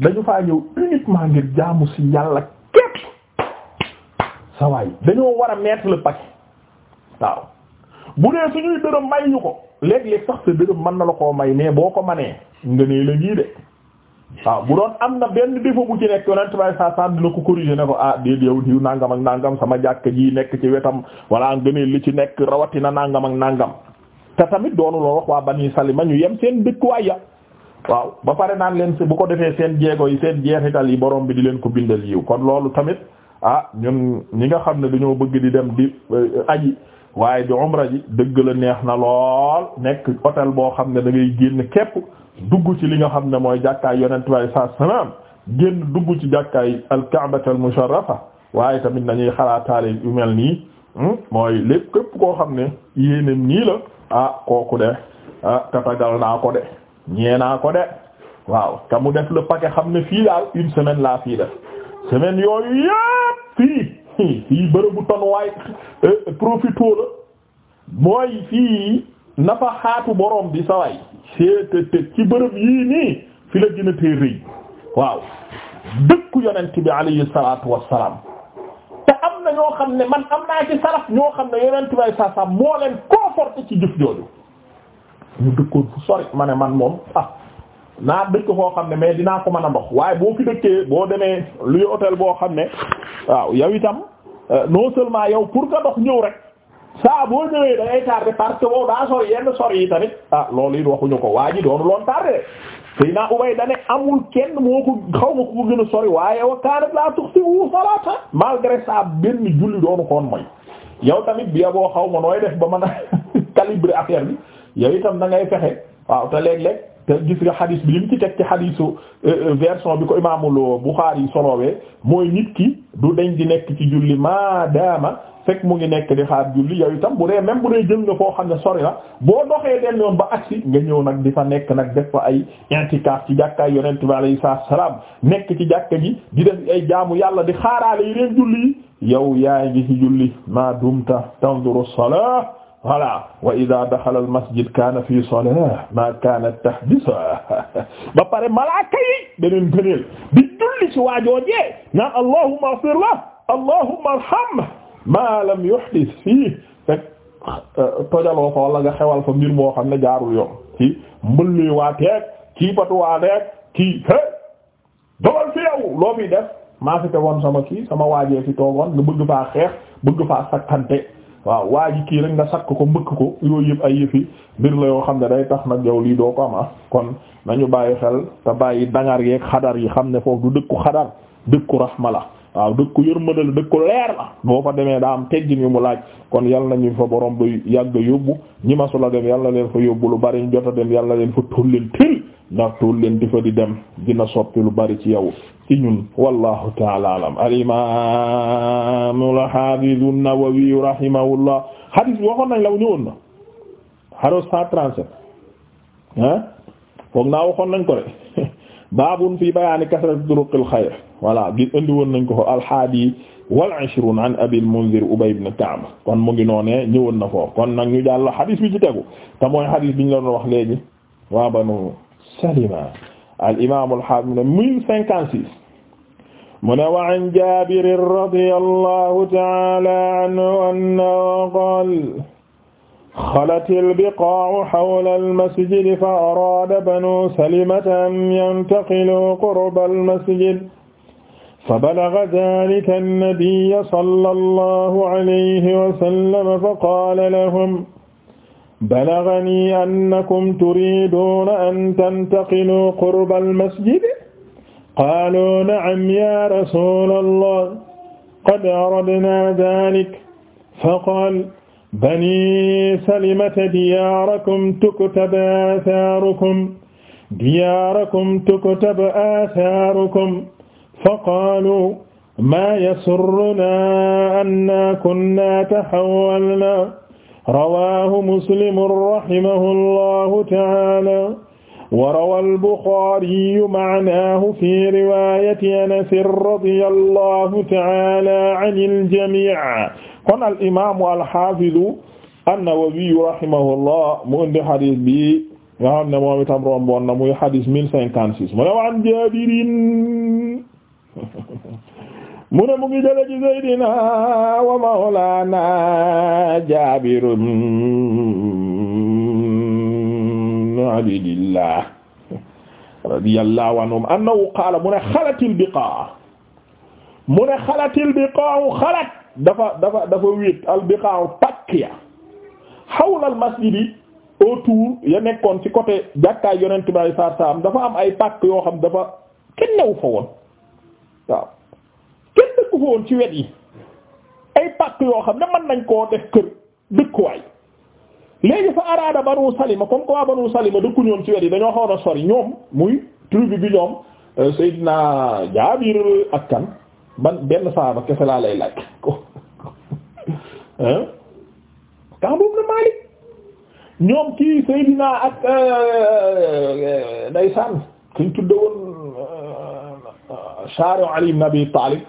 dañu faa ñëw uniquement ngir jaamu ci yàlla képp sa waay dañoo war a mettre le waaw bu dee suñuy dërëm may ñu ko léeg-léeg sax sa dërëm mën na la koo may mais boo ko manee nga nee la ngii de waaw bu doon am na benn défaut bu ci nekk yonent bay saa ko corriger ne ko ah ak nangam sama jàkk ji nekk ci wetam walla nga li ci nekk rawatina nangam ak nangam te tamit doonu loolu wax waa Bani Salima ñu yem seen dëkkuwaay ya waaw ba pare naan leen si bu ko defee seen jéego yi seen jeexital yi borom bi di leen ko bindal yiw kon loolu tamit ah ñun ñi nga xam ne dañoo bëgg di dem di eh, aji waaye di umra ji dëgg la neex na lool nekk hôtel boo xam ne dangay génn képp dugg ci li nga xam ne mooy jàkkaay yonent bi saa salaam génn dugg ci jàkkaay al-Ka'batul musharrafa waaye tamit nañuy xalaataale yu mel nii hmm, mooy lépp képp koo xam ne yéenam nii la ah kooku de ah naa ko de ñeenaa ko de waaw te mu def le paquet xam ne fii daal une semaine laa fii def semaine yooyu yépp fii fii bërëbu ton waay euh, profito la mooy fii nafa xaatu boroom bi sa waay seetë ci bërëb yii nii fi la gën a tee rëy waaw dëkku yonent bi alayhi salaatu wassalaam te am na ñoo xam ne man am naa ci saraf ñoo xam ne yonent bi ay sa moo leen conforté ci jëf jooju ñu dëkkoon fu sori ma ne man moom ah naa dëkk koo xam ne mais dinaa ko mën a dox waaye boo fi dëkkee boo demee luy hôtel boo xam ne waaw yow itam euh, non seulement yow pour nga dox ñëw rek saa boo ñëwee da ngay tardé parce que boobu daa sori yenn sori yi tamit ah loolu it waxuñu ko waa ji doonu loon tardé naa ubay dane amul kenn moo ko xaw ma ko gën a sori waaye wa kanat la tuxti wu salata malgré ça benn julli doonu koon mooy yow tamit bia boo xaw ma nooy def ba mën a calibré affaire bi yow itam da ngay fexe waaw te léeg-léeg te gis nga xadis bi li mu ci teg ci xadisu euh, euh, version bi ko imaamul Buxaari solowee mooy nit ki du deñ di nekk ci julli maadaama fekk mu ngi nekk di xaar julli yow itam bu dee même bu dee jëm nga foo xam ne sori la boo doxee den yoon ba agsi nga ñëw nag di fa nekk nag def fa ay intikaaf ci jàkkaay yonent bi alayhi salaam nekk ci jàkka ji di def ay jaamu yàlla di xaaraale yi leen julli yi yow yaa ngi ci julli ma dumta tanzuru salat voilà wa ida daxala al masjid kana fi salah ma kanat tahdisa ba pare malaaka yi beneen gëneel di julli ci waajoojee naan allahumma ighfir lahu allahumma arhamhu ma lam yuhdis fii rek euh, tojaloo ko wala nga xewal fa mbir moo xam ne jaarul yoon ci mbëllee waa teeg kii batuwaa teeg kii é dogal fi yow loo fi def maa fi tegoon sama kii sama waajee fi toogoon nga bëgg faa xeex bëgg faa sakkante waaw waa ji kii rek nga sakk ko mbëkk ko yooyu yëpp ay yëfi mbir la yoo xam ne day tax nag yow lii doo ko am ah kon nañu bàyyi xel te bàyyi dangar yeeg xadar yi xam ne foofu du dëkku xadar dëkku rahma la waaw dëkku yërmande la dëkku leer la boo fa demee daa am teggin yu mu laaj kon yal nañu fa borom bu yàgg yóbbu ñi masula dem yàlla leen fa yóbbu lu bari ñu jot a dem yal leen fa tullil til ndax tuul leen di di dem dina soppi lu bari ci yow ci ñun wallahu taala alam al imam al hafiz an-Nawawi rahimahullah hadith waxoon nañ la ñëwoon na xaro 137 foog naa waxoon nañ ko de babun fi bayaani kasrati turuqil xayr voilà gi indi woon nañ ko foofu alhaadi wal ishrun an abil munzir ubay ibn ka'b kon mu ngi noonee ñëwoon na foofu kon nag ñu jàll hadith bi ci tegu te mooy hadith bi ñu la doon wax léegi waa banu Salima al imaam al haafid ne mille cinquante six mu ne wa an Jaabir radiyallahu ta'ala anhu annahu qaala xalatil biqaa'u hawlal masjidi fa araada banu Salimata an yantaqilu qurbal masjid فبلغ ذلك النبي صلى الله عليه وسلم فقال لهم balaghanii annakum turiduuna an tantaqiluu qurba almasjidi qaaluu na'am yaa rasuulallah qad aradnaa dhaalika faqaala banii salimata diyaarakum tuktabu aasaarukum diyaarakum tuktabu aasaarukum faqaaluu maa yasurrunaa annaa kunnaa tahawwalnaa rawaahu muslim rahimahullahu ta'ala wa rawaa al-Buxaariyu ma'naahu fi riwaayati Anas radiyallahu ta'ala anil jamii' kon al imaamu al-haafidu an-Nawawiyu rahimahullah mu indi xadis bi nga xam ne moom itam romboon na muy xadis mille cinquante six mu ne waan Jaabirin mu ne mu ngi jële ci Seydina wa Mawlana Jaabir ibn Abdillah radiyallahu anhum annahu qaala mu ne xalatil biqaa mu ne xalatil biqaa xalat dafa dafa dafa wéet al pakk ya xawla al masjidi autour ya nekkoon ci côté jàkkaay yonent bi sallallahu dafa am ay pakk yoo xam dafa kenn newu fa woon ko woon ci wet yi ay pàkk yoo xam ne mën nañ koo def kër dëkkuwaay léegi fa araada banu salima comme que waa banu salima dëkku ñoom ci wet yi dañoo xaw a sori ñoom muy tribu bi ñoom euh, Seydina Jaabir ak kan ban benn saaba kese laa lay laaj ko Kaab ibn Maalik ñoom kii Seydina ak euh, euh, ndeysaan kuñ woon Shaari Ali ibn Taalib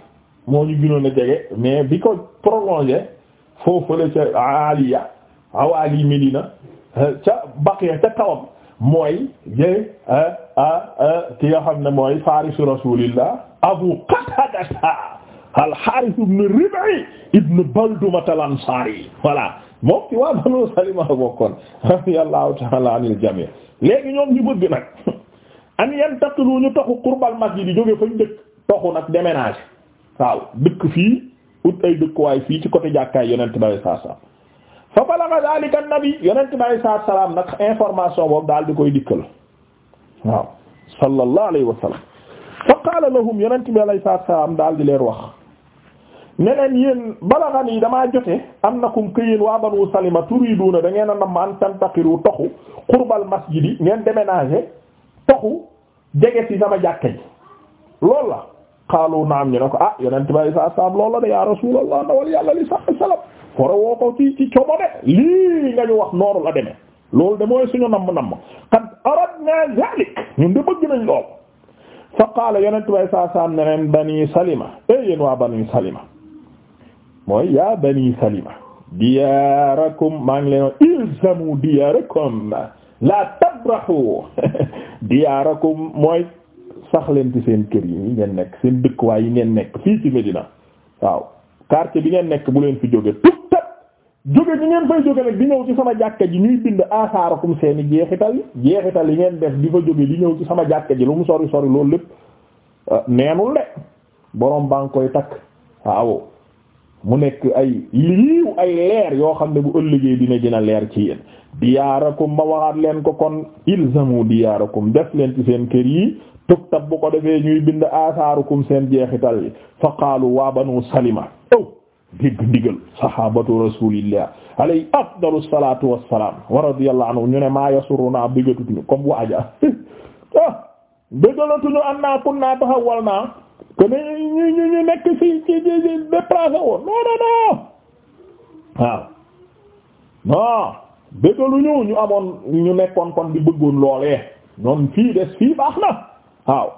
moo ñu gënoon a jege mais bi ko prolongé foofale ca aliya awali Medina ca baqiya ca kawam mooy jë ki nga xam ne mooy farisu rasulillah abu qatadata al harith ibn rib'i ibn balduma al ansari voilà moom ci waa banu salima bokkoon radiyallahu ta'ala anil jami' léegi ñoom ñu bëgg nag an yantaqilu ñu taxu qurbal masjid yi jóge fañ dëkk taxu nag déménager waaw dëkk fii ut ay dëkkuwaay fii ci côté jàkkaay yonent bari saa saa fa balagha dhalika an-nabi yonent bari saa salaam nag information boobu daal di koy dikkal waaw sallallahu alayhi wa sallam fa qaala lahum yonent bari saa salaam daal di leen wax ne leen yéen balagha nii damaa jote annakum këyeen waa banu salima turiduuna da ngeen a nam an tantaqiru toxu qurbal masjidi ngeen déménager toxu jege ci sama jàkka ji loolu la xaalu naam ñu ne ko ah yonent bay sa saam loolu la de ya rasulallah ndawal yàlla li sa salam foro woo ko ci ci cobode lii nga ñu wax nooru la demee loolu de mooy suñu namm namm qad aradna zalik ñun de bëgg nañ lool fa qaala yonent bay sa saam ne leen bani salima ey eh, yéen waa bani salima mooy yaa bani salima diyaarakum maa ngi leen ilzamu diyaarakum la tabrahu diyaarakum mooy sax leen ci seen kër yi ngeen nekk seen dëkkuwaay yi ngeen nekk fii ci Medina waaw quartier bi ngeen nekk bu leen fi jóge tut tat jóge ñi ngeen fay jóge nag di ñëw ci sama jàkka ji ñuy bind asaarakum seen i jeexital yi yi ngeen def di fa jóge di ñëw ci sama ji lu mu sori sori loolu lépp ah, neenul de borom baa ngi koy takk waaw mu nekk ay liiw ay leer yoo xam ne bu ëllëgee dina dina leer ci yéen diyaarakum ma waxaat leen ko kon ilzamu diyaarakum def leen ci seen kër yi tuktab bu ko defee ñuy bind asaarukum seen jeexital yi fa qaalu waa salima aw oh, dégg ndigal sahabatu rasulillah alay afdalu salatu wassalam wa radiyallahu anhu ñu ne maa yasuruna bëggatuñu comme waaja ah bëggalatuñu an naa kun naa taxawal naa que ne ñu ñu nekk ci ci woon non non non bëggaluñu ñu amoon ñu nekkoon kon di bëggoon loolee ñoom fii des fii baax na waaw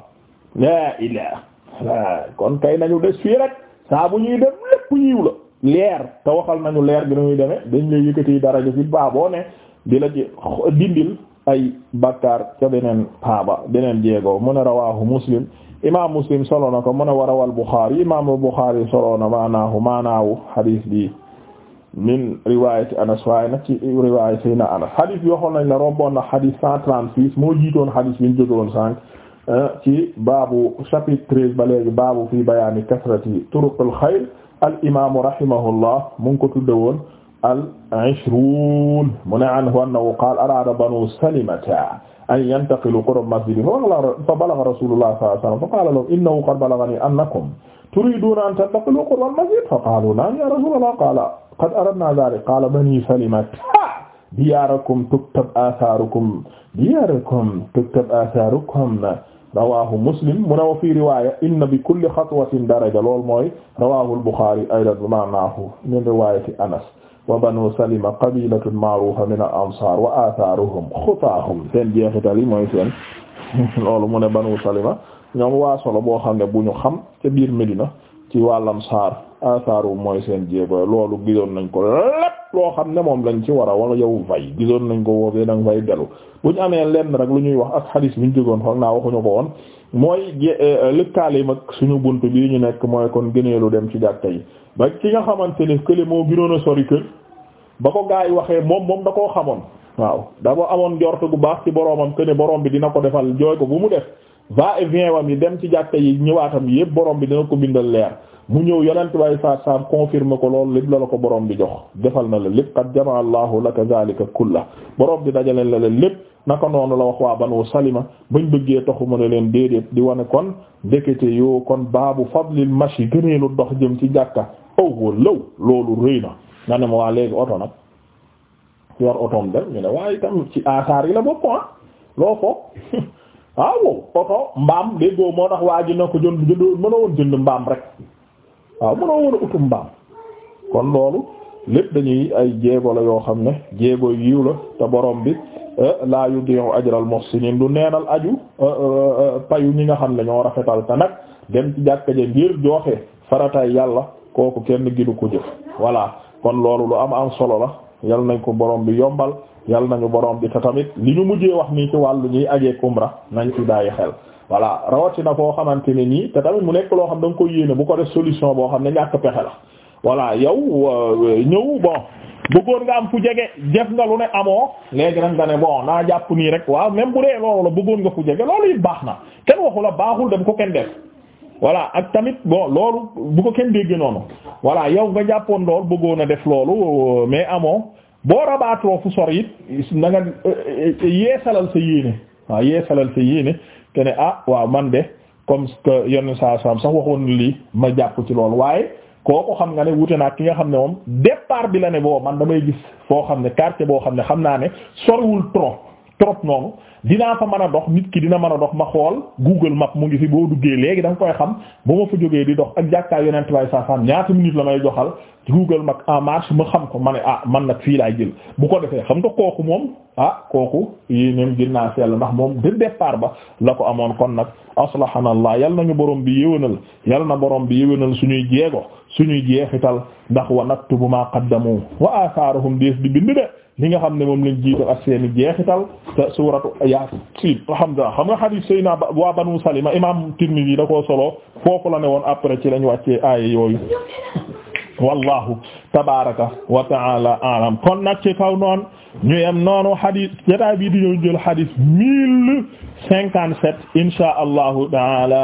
kon kay nañu des fii rek saa bu ñuy dem lépp yiw la leer te waxal nañu leer bi nañuy demee dañ lay yëkkati dara ci baa boo ne di la ci dindil ay bakkaar ca beneen paaba beneen jeego mu ne rawahu muslim imam muslim solo na ko mu ne warawal buxaari imam buxaari solo na maanaahu maanaahu hadis bi min riwaayati anas waaye nag ci riwaaya sayna anas hadith bi waxoon nañ la romboon na hadith cent trente six moo jiitoon hadith bi ñu jógewoon sànq eh, ci baabu chapitre treize ba léegi baabu fii bayaani kasrati turuqil xayr al imaamu rahimahullah mu ngi ko tudde woon al ishruun mu ne anhu annahu qaala araada banu salimata an yantaqilu qurba masjidi fa balagha rasulullah sallallahu alaihi wasallam fa qala lahum innahu qad balaghani annakum turiduna an tantaqilu qurba masjid fa qalu na'am ya rasulullah qala qad aradna dhalik qala bani salimat diyarakum tuktab atharukum diyarakum tuktab atharukum rawahu muslim mu rawa fi riwaya inna bi kulli khatwatin daraja lool mooy rawahu al-bukhari aydan ma'nahu min riwayati anas wa banu salima qabilatun ma'rufa min al-ansar wa atharuhum xutaahum seen jeexital yi mooy seen loolu mu ne banu salima ñoom waa solo boo xam ne bu ñu xam ca biir Medina ci wàllam saar asaaru mooy seen jéego loolu gisoon nañ ko lépp loo xam ne moom lañ ci war a war yow fay gisoon nañ ko woofee nag nga fay dellu bu ñu amee lenn rek lu ñuy wax ak xadis bi ñu jógoon foog naa waxuñu ko woon mooy euh, euh, lëkkaale mag suñu bunt bii ñu nekk mooy kon gëneelu dem ci jàkka yi ba ki nga xamante ne kële moo gënoon a sori kër ba ko gaa yi waxee moom moom da koo xamoon waaw da ko amoon njort gu baax ci boromam que ne borom bi dina ko defal jooy ko bu mu def wam yi dem ci jàkka yi ñëwaatam yépp borom bi dina ko bindal leer mu ñëw yonent way saat saam confirmer ko loolu lépp la la ko boroom bi jox defal na la lépp qad jamaa allahu laka zalika kulla borom bi dajaleen la leen lépp naka noonu la wax waa banu salima bañ bëggee taxu mu ne leen déedéet di wane kon ndekete yoo kon baabu fadlil mashi gëneelu dox jëm ci jàkka aw oh, walaw loolu rëy na nga ne ma waa léegi oto nag yor otoom dem ñu ne waaye itam ci asaar yi la bopp ah loo foog ah, waaw oto mbaam déggoo moo ji na ko jënd mbaam rek waaw mënoo war utum mbaam kon loolu lépp dañuy ay jéego la yoo xam ne jéego yiw la te borom bi eh, laa yu diu ajral muhsinin lu neenal aju eh, eh, payu ñi nga xam ne ñoo rafetal te nag dem ci jàkka ja ngir joxe faratay yàlla kooku kenn ginu ko jëf voilà kon loolu lu am am solo la yal nañ ko borom bi yombal yal nañu borom bi te tamit li ñu mujjee wax nii ci wàllu ñuy ajeek umra nañ ci bàyyi xel voilà rawatina koo xamante ne nii te tamit mu nekk loo xam da nga ko yéene bu ko def solution boo xam ne ñàkk pexe la voilà yow euh, ñëw bon bëggoon nga am fu jege jëf nga lu ne amoo léegi nag nga ne bon naa jàpp nii rek waaw même bu dee loolu la bëggoon nga fu jege loolu it baax na kenn waxu la baaxul dem ko kenn def voilà ak tamit bon loolu bu ko kenn dégg noonu voilà yow nga jàppoon lool bëggoon a def loolu euh, mais amoo boo rabaatoo fu sor it na nga euh, yeesalal waaw yeesalal sa yéene te ne ah waaw man de comme que yenn saa saam sax waxoon lii ma jàpp ci lool waaye kooku xam nga ne wute naa ki nga xam ne moom départ bi la ne boo man damay gis foo xam ne quartier boo xam ne xam naa ne soriwul trop. trop noonu dinaa fa man a dox nit ki dina man a dox ma xool Google mag mu ngi fi boo duggee léegi da nga koy xam bu ma fa jógee di dox ak jàkkaay yonent bay saa saam ñaata minutes la may joxal Google map en marche ma xam ko ma ne ah man nag fii laay jël bu ko defee xam nga kooku moom ah kooku yi ñoom gën naa sell ndax moom de départ ba la ko amoon kon nag aslahanallah yal nañu borom bi yéwénal yal na borom bi yéwénal suñuy jeego suñuy jeexital ndax wa naktubu ma qaddamu wa atharuhum di bind de li nga xam ne moom lañ jiital ak jeexital suuratu Yaasiin alhamdulillah xam nga hadith sayna waa Banu Salima imam Tirmidhi da koo solo la ne woon après ci lañ wàccee aay yooyu wallahu wa taala alam kon nag ci kaw noonu ñu yem noonu hadith jotaay bii di ñëw jël hadith mille cinquante sept insha allahu taala